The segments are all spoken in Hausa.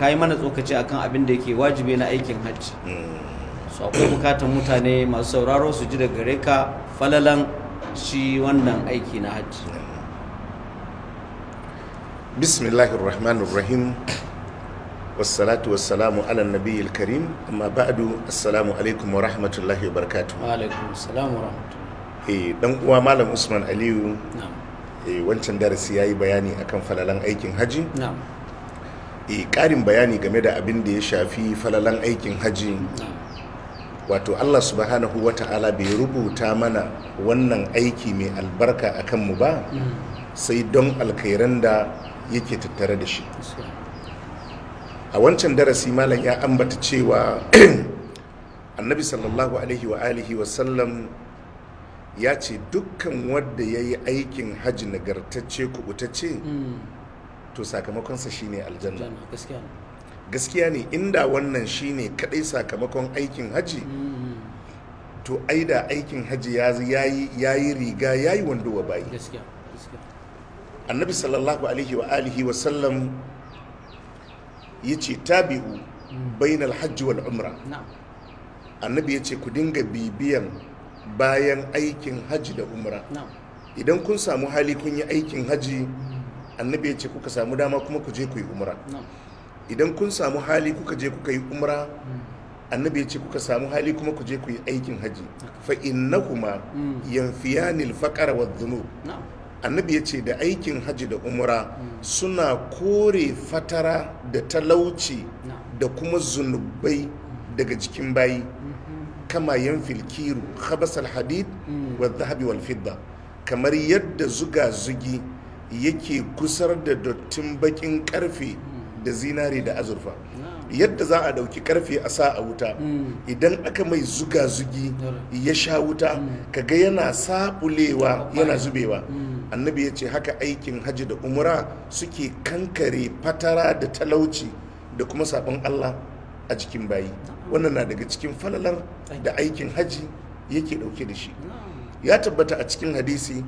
Ka yi mana tsokaci akan abin da yake wajibi na aikin hajji so akwai bukatar mutane masu sauraro su ji da gare ka falalan shi wannan aiki na hajji bismillahir rahmanir rahim wassalatu wassalamu ala nabiyil karim amma ba'du assalamu alaikum wa rahmatullahi wa barakatuh wa alaikum assalamu wa rahmatullahi eh dan uwa malam usman aliyu eh wancan darasi yayi bayani akan falalan aikin hajji na'am e eh, karin bayani game da abin da ya shafi falalan aikin hajji wato allah subhanahu wa ta'ala bai rubuta mana wannan aiki mai albarka a kanmu ba sai don alkhairan da yake tattare da shi a wancan darasi malam ya ambata cewa annabi sallallahu alaihi wa alihi wasallam ya ce dukkan wadda ya yi aikin hajji nagartacce kubutacce hmm. to sakamakonsa shine aljanna gaskiya ne inda wannan shine kadai sakamakon aikin haji mm-hmm. to ai da aikin haji ya yi riga ya yi wando wa bayi annabi sallallahu alaihi wa alihi wa sallam ya ce tabi'u mm-hmm. bainal hajji wal umra annabi ya ce ku dinga bibiyan bayan aikin haji da umra idan kun samu hali kun yi aikin haji annabi ya ce kuka samu dama kuma ku je ku yi umra idan kun samu hali kuka je kuka yi umra hmm. annabi ya ce kuka samu hali kuma ku je ku yi aikin haji fa innahuma hmm. yanfiyanil faqara wa dhunub annabi ya ce da aikin haji da umra hmm. suna kore fatara da talauci da kuma zunubai daga jikin bayi kama yanfil kiru khabasal hadid wa dhahabi wal fidda kamar yadda zuga zugi yake kusar da dottin bakin karfe da zinari da azurfa yadda za a dauki karfe a sa a wuta hmm. idan aka mai zuga-zugi ya sha wuta hmm. kaga yana sabulewa yana zubewa hmm. annabi ya ce haka aikin hajji da umura suke kankare fatara da talauci da kuma sabon allah a jikin bayi wannan na daga cikin falalar da aikin hajji yake dauke da shi ya tabbata a cikin hadisi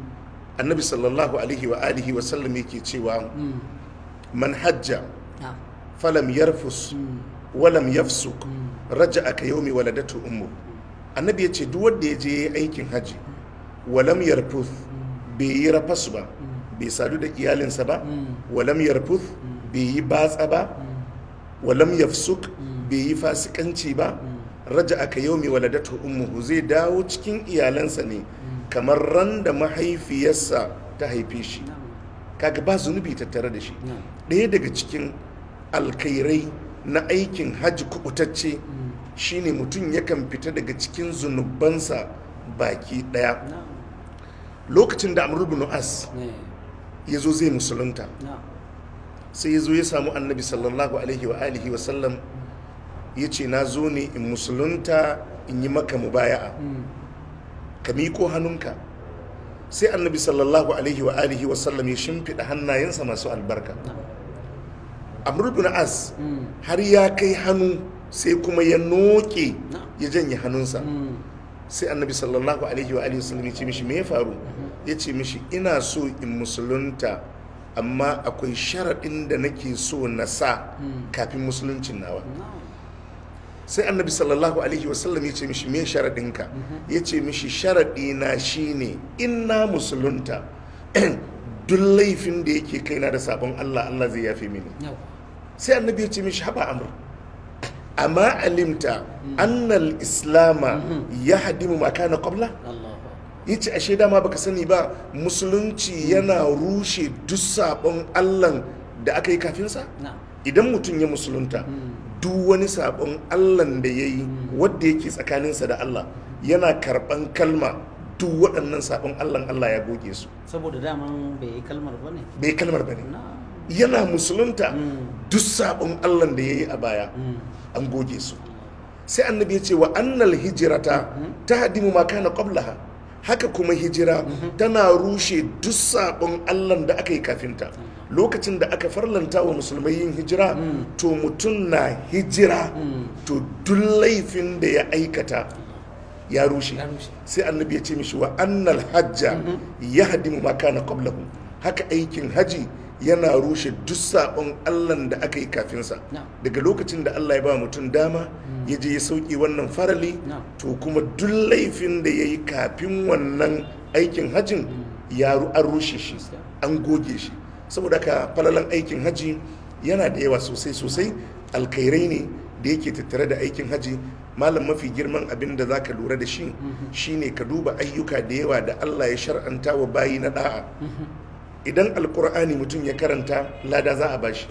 annabi sallallahu alaihi wa alihi wa sallam yake cewa man hajja ah. falam yarfus hmm. walam yafsuk hmm. a ka yaumi waladatu ummu annabi yace duk wanda ya je aikin haji walam yarfus hmm. bai yi rafas ba bai sadu da iyalinsa ba walam yarfus bai yi batsa ba walam yafsuk bai yi fasikanci ba Raja ka yaumi waladatu ummu zai dawo cikin iyalansa ne kamar ran da mahaifiyarsa ta haife shi kaga ba zunubi tattare da shi ɗaya daga cikin alkairai na aikin hajji kubutacce shine mutum yakan fita daga cikin zunubansa baki ɗaya lokacin da amru bin as ya zo zai musulunta sai ya zo ya samu annabi sallallahu alaihi wa alihi wa sallam ya ce na zo ne in musulunta in yi maka mubaya'a mm. ka miko hannunka sai annabi sallallahu alaihi wa alihi wa sallam ya shimfiɗa hannayensa masu albarka amr ibn as har ya kai hannu sai kuma ya noke ya janye hannunsa sai annabi sallallahu alaihi wa alihi wa sallam ya ce mishi me ya faru ya ce mishi ina so in musulunta amma akwai sharaɗin da nake so na sa kafin musuluncin nawa sai annabi sallallahu alaihi wasallam ya ce mishi me sharaɗinka ya ce mishi sharadi na shine inna musulunta duk laifin da yake na da sabon Allah Allah zai yafe mini sai annabi ya ce mishi haba amr amma alimta annal islama ya hadimu makana kwabla ya ce ashe dama baka sani ba musulunci yana rushe duk sabon Allah da aka yi kafinsa idan mutum ya musulunta hmm. duk wani sabon allah da ya yi hmm. wadda yake tsakaninsa da allah yana karban kalma duk waɗannan sabon allah allah ya goge su saboda daman bai yi kalmar ba ne bai kalmar ba ne yana musulunta hmm. duk sabon allah da ya yi a baya an goge su sai annabi ya ce wa annal hijirata ta hadimu ma kana qablaha haka kuma hijira tana rushe duk sabon allah da aka yi kafinta lokacin da aka farlanta wa musulmai yin hijira to mutum na hijira to duk laifin da ya aikata ya rushe sai annabi ya ce mishi wa annal hajja mhm. ya hadimu ma kana qablahu haka aikin haji yana rushe duk sabon allah da aka yi kafinsa daga lokacin da allah ya ba mutum dama hmm. ya je ya sauki wannan farali to kuma duk laifin da ya yi kafin wannan aikin hajjin hmm. ya an rushe shi an goge shi saboda ka falalan aikin hajji yana da yawa sosai sosai alkairai ne da yake tattare da aikin hajji malam mafi girman abin da za ka lura da shi mm-hmm. shine ka duba ayyuka da yawa da allah ya shar'anta wa bayi na da'a mm-hmm. idan alkur'ani mutum ya karanta lada za a bashi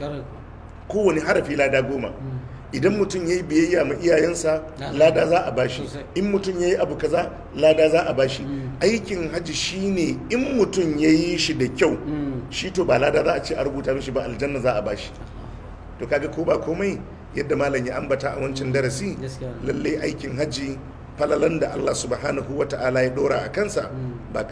kowane harafi lada goma hmm. idan mutum ya yi biyayya ma iyayensa lada za a bashi in mutum ya yi abu kaza lada za a bashi hmm. aikin hajji shine in mutum ya yi shi da kyau hmm. shi to ba lada za a ce a rubuta mishi ba aljanna za a bashi to kaga ko ba komai yadda malam ya ambata a wancan darasi lallai aikin hajji falalan da Allah subhanahu wa ta'ala ya dora a kansa ba